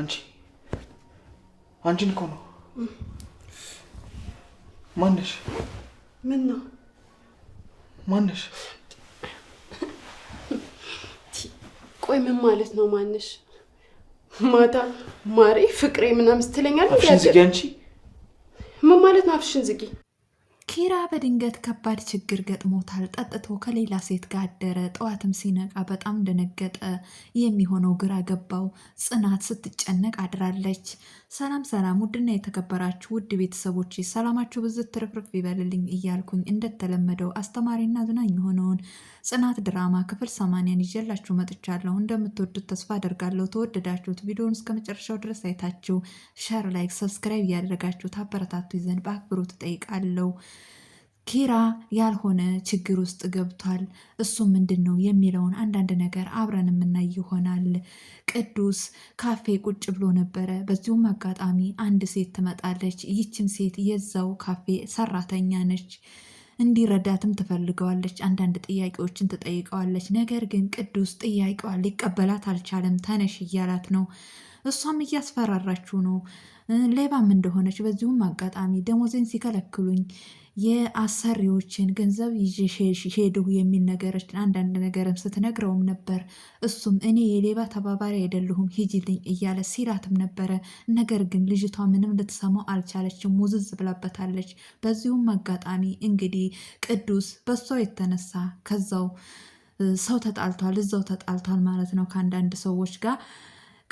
አንቺ አንቺን እኮ ነው። ማነሽ? ምን ነው ማነሽ? ቆይ ምን ማለት ነው ማነሽ? ማታ ማሬ፣ ፍቅሬ ምናምን ስትለኛል። አፍሽን ዝጊ አንቺ። ምን ማለት ነው አፍሽን ዝጊ? ኪራ በድንገት ከባድ ችግር ገጥሞታል። ጠጥቶ ከሌላ ሴት ጋር አደረ። ጠዋትም ሲነቃ በጣም ደነገጠ። የሚሆነው ግራ ገባው። ጽናት ስትጨነቅ አድራለች። ሰላም ሰላም! ውድና የተከበራችሁ ውድ ቤተሰቦች ሰላማችሁ ብዝት ትርፍርፍ ይበልልኝ እያልኩኝ እንደተለመደው አስተማሪና አዝናኝ የሆነውን ጽናት ድራማ ክፍል ሰማንያን ይዤላችሁ መጥቻለሁ። እንደምትወዱት ተስፋ አደርጋለሁ። ተወደዳችሁት ቪዲዮን እስከ መጨረሻው ድረስ አይታችሁ ሸር፣ ላይክ፣ ሰብስክራይብ እያደረጋችሁ ታበረታቱ ይዘን በአክብሮት እጠይቃለሁ። ኪራ ያልሆነ ችግር ውስጥ ገብቷል። እሱ ምንድን ነው የሚለውን አንዳንድ ነገር አብረን የምናይ ይሆናል። ቅዱስ ካፌ ቁጭ ብሎ ነበረ። በዚሁም አጋጣሚ አንድ ሴት ትመጣለች። ይችን ሴት የዛው ካፌ ሰራተኛ ነች። እንዲረዳትም ትፈልገዋለች። አንዳንድ ጥያቄዎችን ትጠይቀዋለች። ነገር ግን ቅዱስ ጥያቄዋን ሊቀበላት አልቻለም። ተነሽ እያላት ነው እሷም እያስፈራራችሁ ነው ሌባም እንደሆነች በዚሁም አጋጣሚ ደሞዜን ሲከለክሉኝ የአሰሪዎችን ገንዘብ ይዤ ሄድሁ የሚል ነገሮች አንዳንድ ነገርም ስትነግረውም ነበር። እሱም እኔ የሌባ ተባባሪ አይደለሁም ሂጂልኝ እያለ ሲላትም ነበረ። ነገር ግን ልጅቷ ምንም ልትሰማው አልቻለችም፣ ውዝዝ ብላበታለች። በዚሁም አጋጣሚ እንግዲህ ቅዱስ በሷ የተነሳ ከዛው ሰው ተጣልቷል፣ እዛው ተጣልቷል ማለት ነው ከአንዳንድ ሰዎች ጋር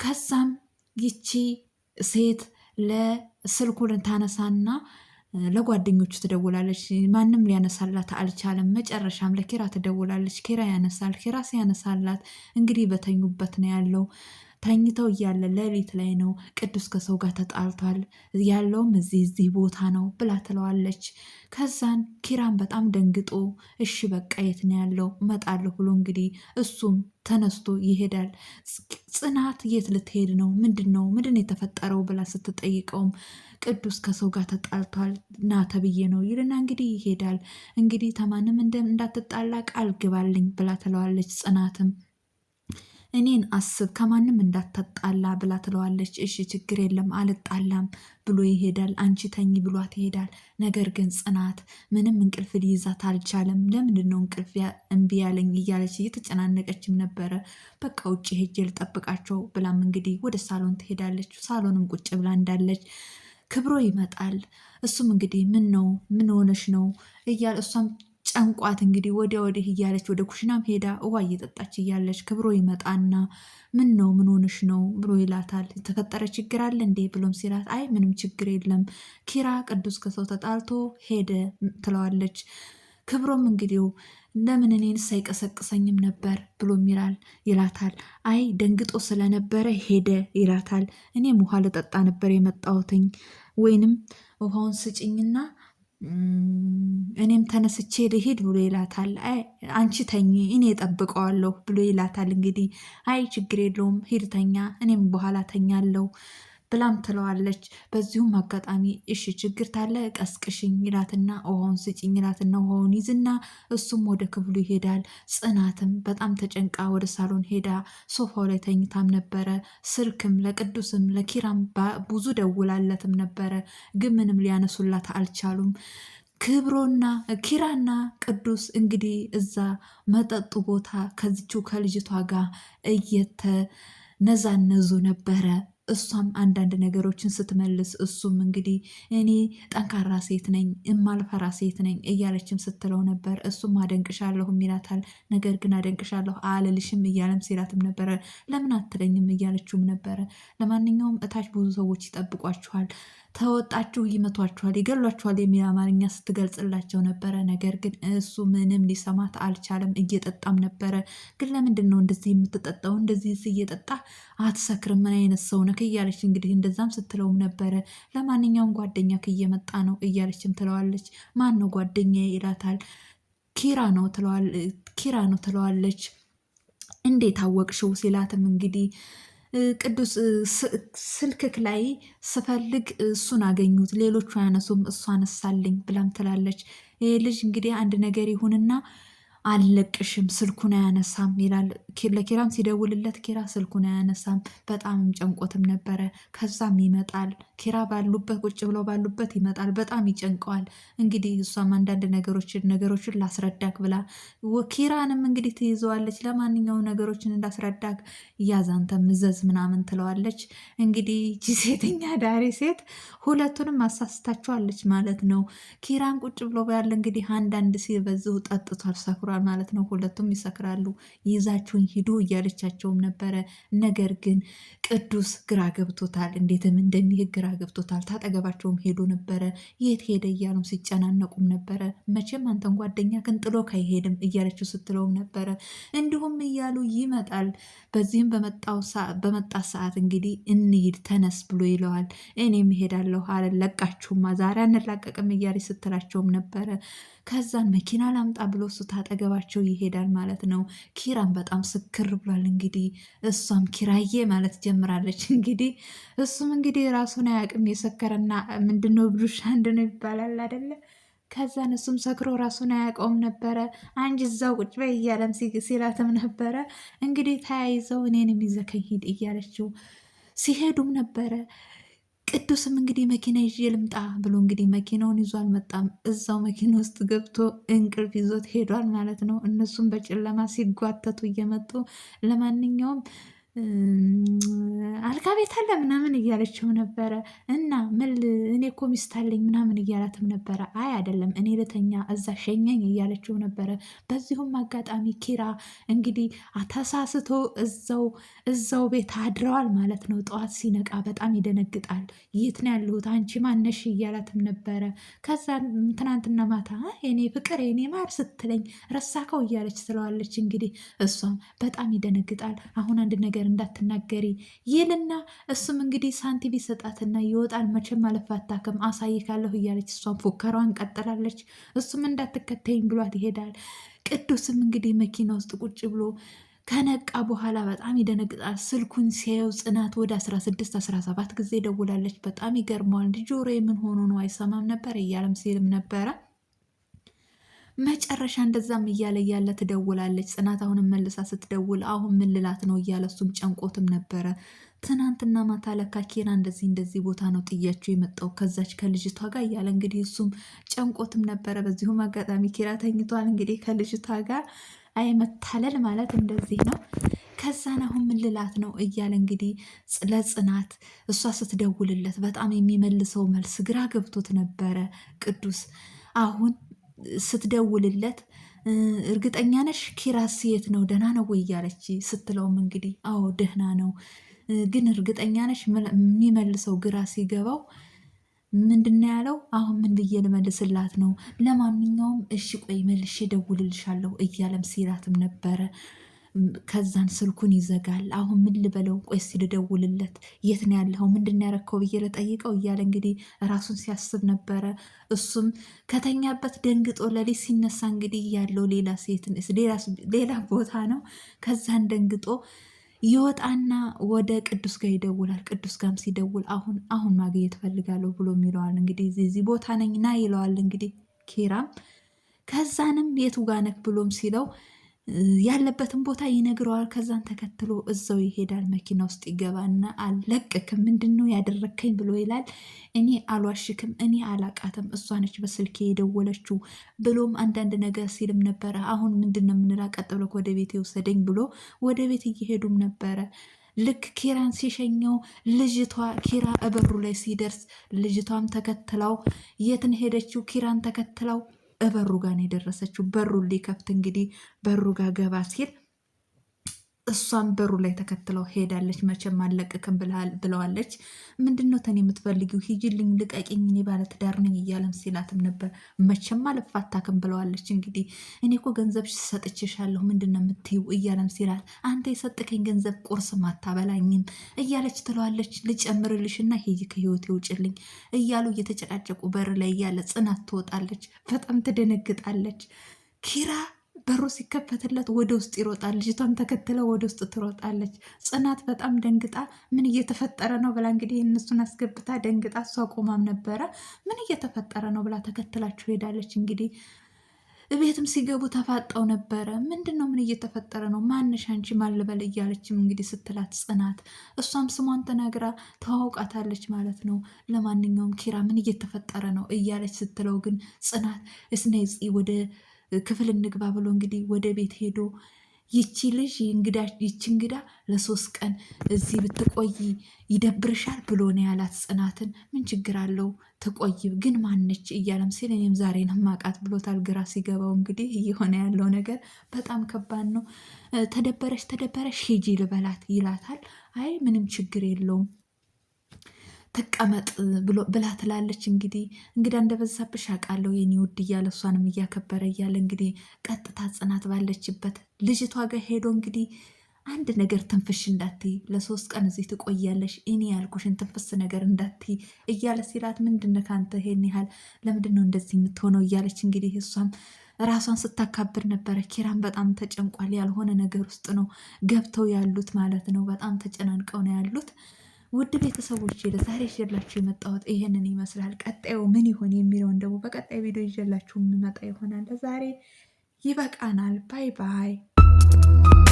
ከዛም ይቺ ሴት ለስልኩን ታነሳና ለጓደኞቹ ትደውላለች። ማንም ሊያነሳላት አልቻለም። መጨረሻም ለኪራ ትደውላለች። ኪራ ያነሳል። ኪራ ሲያነሳላት እንግዲህ በተኙበት ነው ያለው ተኝተው እያለ ሌሊት ላይ ነው ቅዱስ ከሰው ጋር ተጣልቷል ያለውም እዚህ እዚህ ቦታ ነው ብላ ትለዋለች። ከዛን ኪራን በጣም ደንግጦ እሺ በቃ የት ነው ያለው እመጣለሁ ብሎ እንግዲህ እሱም ተነስቶ ይሄዳል። ጽናት የት ልትሄድ ነው? ምንድን ነው ምንድን የተፈጠረው ብላ ስትጠይቀውም ቅዱስ ከሰው ጋር ተጣልቷል ና ተብዬ ነው ይልና እንግዲህ ይሄዳል። እንግዲህ ተማንም እንዳትጣላ ቃል ግባልኝ ብላ ትለዋለች ጽናትም እኔን አስብ፣ ከማንም እንዳታጣላ ብላ ትለዋለች። እሺ ችግር የለም አልጣላም ብሎ ይሄዳል። አንቺ ተኝ ብሏት ይሄዳል። ነገር ግን ጽናት ምንም እንቅልፍ ሊይዛት አልቻለም። ለምንድን ነው እንቅልፍ እምቢ ያለኝ እያለች እየተጨናነቀችም ነበረ። በቃ ውጭ ሄጄ ልጠብቃቸው ብላም እንግዲህ ወደ ሳሎን ትሄዳለች። ሳሎንም ቁጭ ብላ እንዳለች ክብሮ ይመጣል። እሱም እንግዲህ ምን ነው ምን ሆነሽ ነው እያለ እሷም ጨንቋት እንግዲህ ወዲያ ወዲህ እያለች ወደ ኩሽናም ሄዳ ውሃ እየጠጣች እያለች ክብሮ ይመጣና ምን ነው ምን ሆንሽ ነው ብሎ ይላታል። የተፈጠረ ችግር አለ እንዴ ብሎም ሲላት አይ ምንም ችግር የለም ኪራ ቅዱስ ከሰው ተጣልቶ ሄደ ትለዋለች። ክብሮም እንግዲው ለምን እኔን አይቀሰቅሰኝም ነበር ብሎም ይላል ይላታል። አይ ደንግጦ ስለነበረ ሄደ ይላታል። እኔም ውሃ ልጠጣ ነበር የመጣሁትኝ ወይንም ውሃውን ስጭኝና እኔም ተነስቼ ልሂድ ብሎ ይላታል። አንቺ ተኚ እኔ ጠብቀዋለሁ ብሎ ይላታል። እንግዲህ አይ ችግር የለውም ሂድ ተኛ፣ እኔም በኋላ ተኛለሁ ብላም ትለዋለች። በዚሁም አጋጣሚ እሺ ችግር ታለ ቀስቅሽኝ ይላትና ውሃውን ስጭኝ ይላትና ውሃውን ይዝና እሱም ወደ ክፍሉ ይሄዳል። ጽናትም በጣም ተጨንቃ ወደ ሳሎን ሄዳ ሶፋው ላይ ተኝታም ነበረ። ስልክም ለቅዱስም ለኪራም ብዙ ደውላለትም ነበረ፣ ግን ምንም ሊያነሱላት አልቻሉም። ክብሮና ኪራና ቅዱስ እንግዲህ እዛ መጠጡ ቦታ ከዚችው ከልጅቷ ጋር እየተነዛነዙ ነበረ። እሷም አንዳንድ ነገሮችን ስትመልስ እሱም እንግዲህ እኔ ጠንካራ ሴት ነኝ፣ እማልፈራ ሴት ነኝ እያለችም ስትለው ነበር። እሱም አደንቅሻለሁም ይላታል። ነገር ግን አደንቅሻለሁ አልልሽም እያለም ሲላትም ነበረ። ለምን አትለኝም እያለችውም ነበረ። ለማንኛውም እታች ብዙ ሰዎች ይጠብቋችኋል። ተወጣችሁ ይመቷችኋል፣ ይገሏችኋል የሚል አማርኛ ስትገልጽላቸው ነበረ። ነገር ግን እሱ ምንም ሊሰማት አልቻለም። እየጠጣም ነበረ። ግን ለምንድን ነው እንደዚህ የምትጠጣው? እንደዚህ እየጠጣ አትሰክርም? ምን አይነት ሰው ነህ? እያለች እንግዲህ እንደዛም ስትለውም ነበረ። ለማንኛውም ጓደኛ እየመጣ ነው እያለችም ትለዋለች። ማን ነው ጓደኛ ይላታል። ኪራ ነው ኪራ ነው ትለዋለች። እንዴት አወቅሽው ሲላትም እንግዲህ ቅዱስ ስልክክ ላይ ስፈልግ እሱን አገኙት፣ ሌሎቹ አያነሱም፣ እሱ አነሳልኝ ብላም ትላለች። ይህ ልጅ እንግዲህ አንድ ነገር ይሁንና አልለቅሽም፣ ስልኩን አያነሳም ይላል። ለኪራም ሲደውልለት ኪራ ስልኩን አያነሳም። በጣም ጨንቆትም ነበረ። ከዛም ይመጣል ኪራ ባሉበት ቁጭ ብለው ባሉበት ይመጣል። በጣም ይጨንቀዋል። እንግዲህ እሷም አንዳንድ ነገሮችን ነገሮችን ላስረዳክ ብላ ኪራንም እንግዲህ ትይዘዋለች። ለማንኛውም ነገሮችን እንዳስረዳክ እያዛንተ ምዘዝ ምናምን ትለዋለች። እንግዲህ ሴተኛ ዳሪ ሴት ሁለቱንም አሳስታቸዋለች ማለት ነው። ኪራን ቁጭ ብሎ ያለ እንግዲህ አንዳንድ ሲል ጠጥቷል፣ ሰክሯል ሰክሯል ማለት ነው። ሁለቱም ይሰክራሉ። ይዛችሁን ሂዱ እያለቻቸውም ነበረ። ነገር ግን ቅዱስ ግራ ገብቶታል። እንዴትም እንደሚሄድ ግራ ገብቶታል። ታጠገባቸውም ሄዶ ነበረ። የት ሄደ እያሉም ሲጨናነቁም ነበረ። መቼም አንተን ጓደኛ ግን ጥሎ አይሄድም እያለችው ስትለውም ነበረ። እንዲሁም እያሉ ይመጣል። በዚህም በመጣ ሰዓት እንግዲህ እንሂድ ተነስ ብሎ ይለዋል። እኔም እሄዳለሁ አለለቃችሁማ ዛሬ አንላቀቅም እያለች ስትላቸውም ነበረ ከዛን መኪና ላምጣ ብሎ እሱ ታጠገባቸው ይሄዳል ማለት ነው። ኪራን በጣም ስክር ብሏል። እንግዲህ እሷም ኪራዬ ማለት ጀምራለች። እንግዲህ እሱም እንግዲህ ራሱን አያውቅም። የሰከረና ምንድነው ብዱሻ እንድነው ይባላል አደለ? ከዛን እሱም ሰክሮ ራሱን አያውቀውም ነበረ። አንቺ እዛው ቁጭ በይ እያለም ሲላትም ነበረ። እንግዲህ ተያይዘው እኔንም የሚዘከኝ ሂድ እያለችው ሲሄዱም ነበረ ቅዱስም እንግዲህ መኪና ይዤ ልምጣ ብሎ እንግዲህ መኪናውን ይዞ አልመጣም። እዛው መኪና ውስጥ ገብቶ እንቅልፍ ይዞት ሄዷል ማለት ነው። እነሱም በጨለማ ሲጓተቱ እየመጡ ለማንኛውም አልጋ ቤት አለ ምናምን እያለችው ነበረ እና ምል እኔ እኮ ሚስት አለኝ ምናምን እያላትም ነበረ። አይ አይደለም እኔ ልተኛ እዛ ሸኘኝ እያለችው ነበረ። በዚሁም አጋጣሚ ኪራ እንግዲህ ተሳስቶ እዛው እዛው ቤት አድረዋል ማለት ነው። ጠዋት ሲነቃ በጣም ይደነግጣል። የት ነው ያለሁት? አንቺ ማነሽ? እያላትም ነበረ። ከዛ ትናንትና ማታ የኔ ፍቅር የኔ ማር ስትለኝ ረሳከው እያለች ትለዋለች። እንግዲህ እሷም በጣም ይደነግጣል። አሁን አንድ ነገር ነገር እንዳትናገሪ ይልና እሱም እንግዲህ ሳንቲም ይሰጣትና ይወጣል። መቼም አለፋታክም አሳይካለሁ እያለች እሷን ፉከሯን ቀጥላለች። እሱም እንዳትከተይኝ ብሏት ይሄዳል። ቅዱስም እንግዲህ መኪና ውስጥ ቁጭ ብሎ ከነቃ በኋላ በጣም ይደነግጣል። ስልኩን ሲያየው ጽናት ወደ 16 17 ጊዜ ደውላለች። በጣም ይገርመዋል። ጆሮዬ ምን ሆኖ ነው አይሰማም ነበር እያለም ሲልም ነበረ መጨረሻ እንደዛም እያለ እያለ ትደውላለች ጽናት። አሁንም መልሳ ስትደውል አሁን ምን ልላት ነው እያለ እሱም ጨንቆትም ነበረ። ትናንትና ማታ ለካ ኪራ እንደዚህ እንደዚህ ቦታ ነው ጥያቸው የመጣው ከዛች ከልጅቷ ጋር እያለ እንግዲህ እሱም ጨንቆትም ነበረ። በዚሁም አጋጣሚ ኬራ ተኝቷል። እንግዲህ ከልጅቷ ጋር አይመታለል ማለት እንደዚህ ነው። ከዛን አሁን ምን ልላት ነው እያለ እንግዲህ ለጽናት እሷ ስትደውልለት በጣም የሚመልሰው መልስ ግራ ገብቶት ነበረ ቅዱስ አሁን ስትደውልለት እርግጠኛ ነሽ ኪራስ የት ነው ደህና ነው ወይ እያለች ስትለውም እንግዲህ አዎ ደህና ነው፣ ግን እርግጠኛ ነሽ የሚመልሰው ግራ ሲገባው ምንድን ያለው? አሁን ምን ብዬ ልመልስላት ነው? ለማንኛውም እሺ ቆይ መልሼ ደውልልሻለሁ እያለም ሲላትም ነበረ። ከዛን ስልኩን ይዘጋል። አሁን ምን ልበለው? ቆይ ልደውልለት? የት ነው ያለው ምንድን ያረከው ብዬ ልጠይቀው እያለ እንግዲህ ራሱን ሲያስብ ነበረ። እሱም ከተኛበት ደንግጦ ለሊት ሲነሳ እንግዲህ ያለው ሌላ ሴት ሌላ ቦታ ነው። ከዛን ደንግጦ ይወጣና ወደ ቅዱስ ጋር ይደውላል። ቅዱስ ጋም ሲደውል አሁን አሁን ማግኘት ፈልጋለሁ ብሎ ይለዋል። እንግዲህ እዚህ ቦታ ነኝ ና ይለዋል። እንግዲህ ኪራም ከዛንም የቱ ጋነክ ብሎም ሲለው ያለበትን ቦታ ይነግረዋል። ከዛን ተከትሎ እዛው ይሄዳል። መኪና ውስጥ ይገባና አልለቅክም፣ ምንድን ነው ያደረግከኝ ብሎ ይላል። እኔ አልዋሽክም፣ እኔ አላቃትም፣ እሷ ነች በስልኬ የደወለችው ብሎም አንዳንድ ነገር ሲልም ነበረ። አሁን ምንድን ነው የምንላ ቀጥ ብሎ ወደ ቤት የወሰደኝ ብሎ ወደ ቤት እየሄዱም ነበረ። ልክ ኪራን ሲሸኘው ልጅቷ ኪራ እበሩ ላይ ሲደርስ ልጅቷም ተከትላው የትን ሄደችው ኪራን ተከትላው እበሩ ጋር ነው የደረሰችው። በሩ ሊከፍት እንግዲህ በሩ ጋር ገባ ሲል እሷን በሩ ላይ ተከትለው ሄዳለች። መቼም አለቅክም ብለዋለች። ምንድን ነው ተን የምትፈልጊው? ሂጂልኝ፣ ልቀቂኝ፣ እኔ ባለትዳር ነኝ እያለም ሲላትም ነበር። መቼም አልፋታክም ብለዋለች። እንግዲህ እኔ እኮ ገንዘብ ሰጥቼሻለሁ ምንድን ነው የምትይው? እያለም ሲላት አንተ የሰጥከኝ ገንዘብ ቁርስም አታበላኝም እያለች ትለዋለች። ልጨምርልሽ እና ሂጂ ከህይወቴ ውጭልኝ እያሉ እየተጨቃጨቁ በር ላይ እያለ ጽናት ትወጣለች። በጣም ትደነግጣለች ኪራ በሩ ሲከፈትለት ወደ ውስጥ ይሮጣል። ልጅቷን ተከትለው ወደ ውስጥ ትሮጣለች። ጽናት በጣም ደንግጣ ምን እየተፈጠረ ነው ብላ እንግዲህ እነሱን አስገብታ ደንግጣ እሷ ቆማም ነበረ። ምን እየተፈጠረ ነው ብላ ተከትላችሁ ሄዳለች። እንግዲህ ቤትም ሲገቡ ተፋጠው ነበረ። ምንድን ነው ምን እየተፈጠረ ነው? ማንሽ አንቺ ማልበል እያለችም እንግዲህ ስትላት ጽናት እሷም ስሟን ተናግራ ተዋውቃታለች ማለት ነው። ለማንኛውም ኪራ ምን እየተፈጠረ ነው እያለች ስትለው ግን ጽናት እስነፂ ወደ ክፍል እንግባ ብሎ እንግዲህ ወደ ቤት ሄዶ ይቺ ልጅ ይቺ እንግዳ ለሶስት ቀን እዚህ ብትቆይ ይደብርሻል ብሎ ነው ያላት። ጽናትን ምን ችግር አለው ትቆይ፣ ግን ማነች እያለም ሲል እኔም ዛሬ ነው ማቃት ብሎታል። ግራ ሲገባው እንግዲህ እየሆነ ያለው ነገር በጣም ከባድ ነው። ተደበረች ተደበረች ሂጂ ልበላት ይላታል። አይ ምንም ችግር የለውም ተቀመጥ ብላ ትላለች። እንግዲህ እንግዳ እንደበዛብሽ አውቃለሁ የኔ ውድ እያለ እሷንም እያከበረ እያለ እንግዲህ ቀጥታ ጽናት ባለችበት ልጅቷ ጋር ሄዶ እንግዲህ አንድ ነገር ትንፍሽ እንዳትይ ለሶስት ቀን እዚህ ትቆያለሽ፣ እኔ ያልኩሽን ትንፍስ ነገር እንዳትይ እያለ ሲላት፣ ምንድነው ከአንተ ይሄን ያህል ለምንድን ነው እንደዚህ የምትሆነው? እያለች እንግዲህ እሷም ራሷን ስታካብር ነበረ። ኪራን በጣም ተጨንቋል። ያልሆነ ነገር ውስጥ ነው ገብተው ያሉት ማለት ነው። በጣም ተጨናንቀው ነው ያሉት። ውድ ቤተሰቦች ለዛሬ ይዤላችሁ የመጣሁት ይህንን ይመስላል። ቀጣዩ ምን ይሆን የሚለውን ደግሞ በቀጣይ ቪዲዮ ይዤላችሁ የምመጣ ይሆናል። ለዛሬ ይበቃናል። ባይ ባይ።